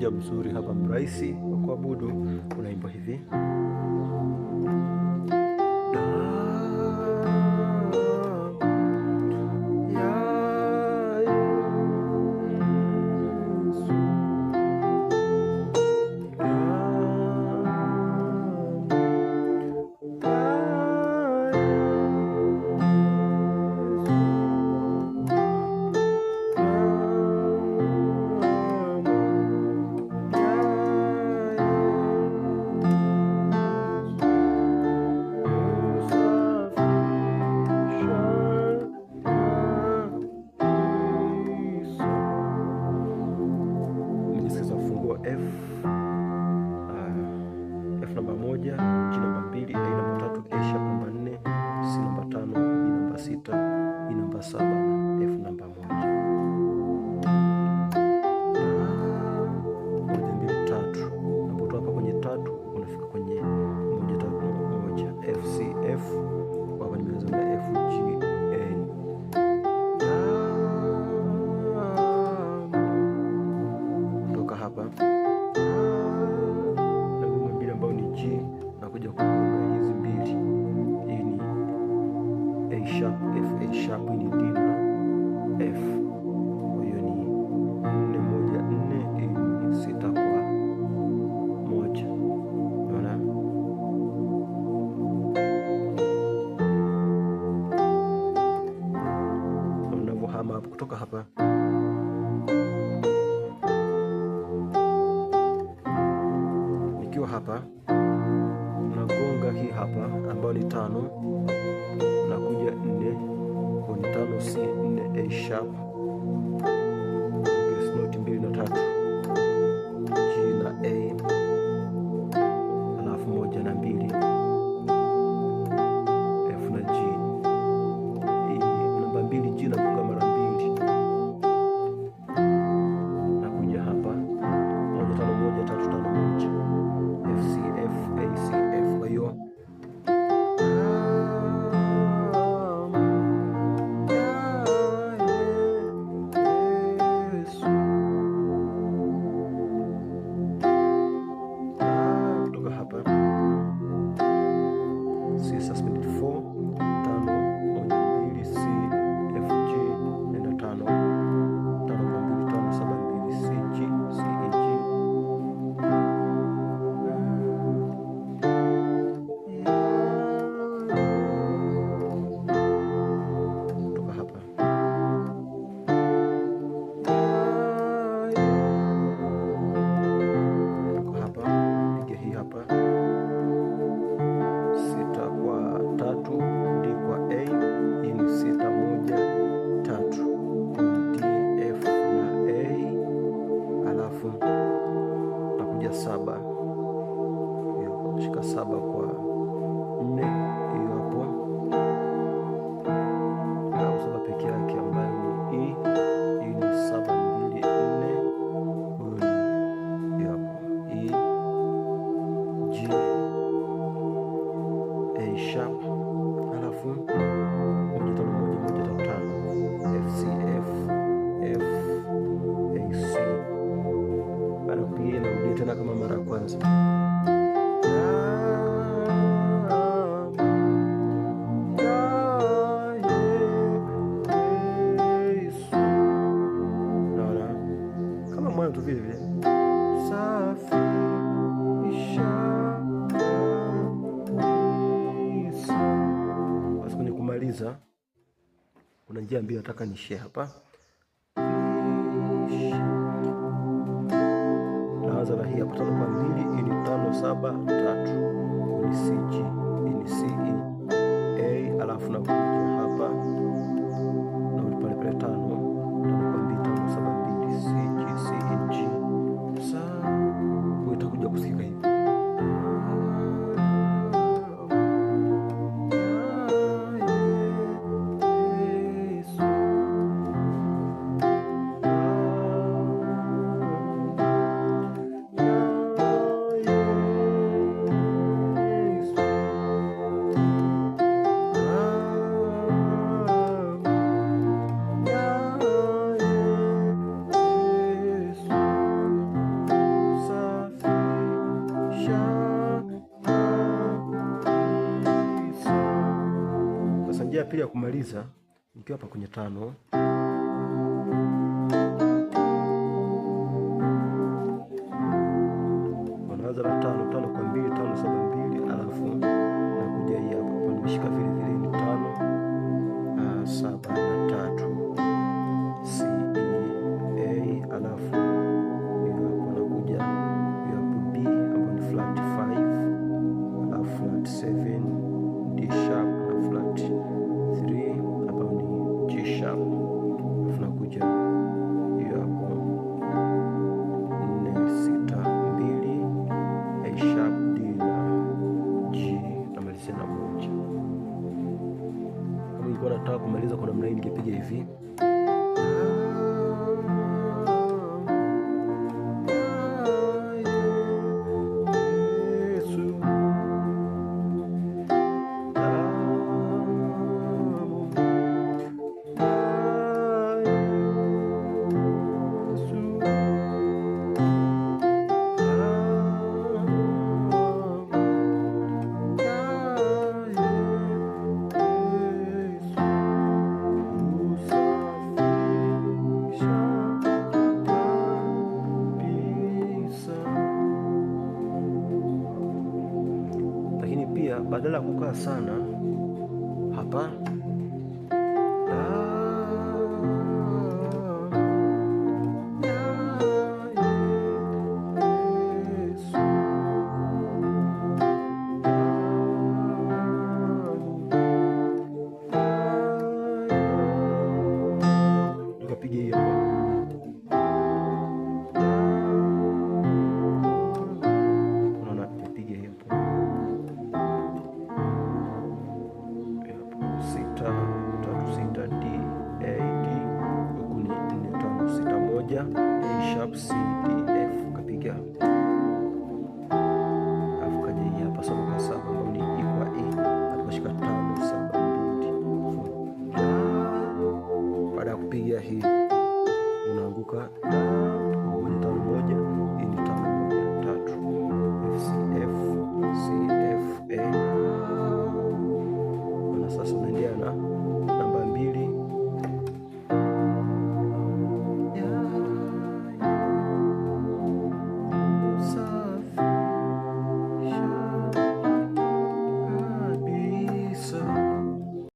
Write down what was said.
mrejeo mzuri hapa mrahisi wa kuabudu, unaimba hivi F uh, F namba moja, G namba mbili, A namba tatu, A sharp namba nne, C namba tano, B namba sita, E namba saba, F namba moja. hapa, unagonga hii hapa ambayo ni tano, unakuja nne kwenye tano C nne A sharp note mbili na tatu G na A alafu moja na mbili F na G e, namba mbili G kuga mara mbili nakuja hapa moja tano moja tatu fond. kuna njia mbili nataka ni share hapa. Naanza na hii hapa, tano kwa mbili, hii e ni tano saba tatu, ni C G, e ni C E A, alafu na kuja hapa ya kumaliza, nikiwa hapa kwenye tano pia badala ya kukaa sana hapa Krishna.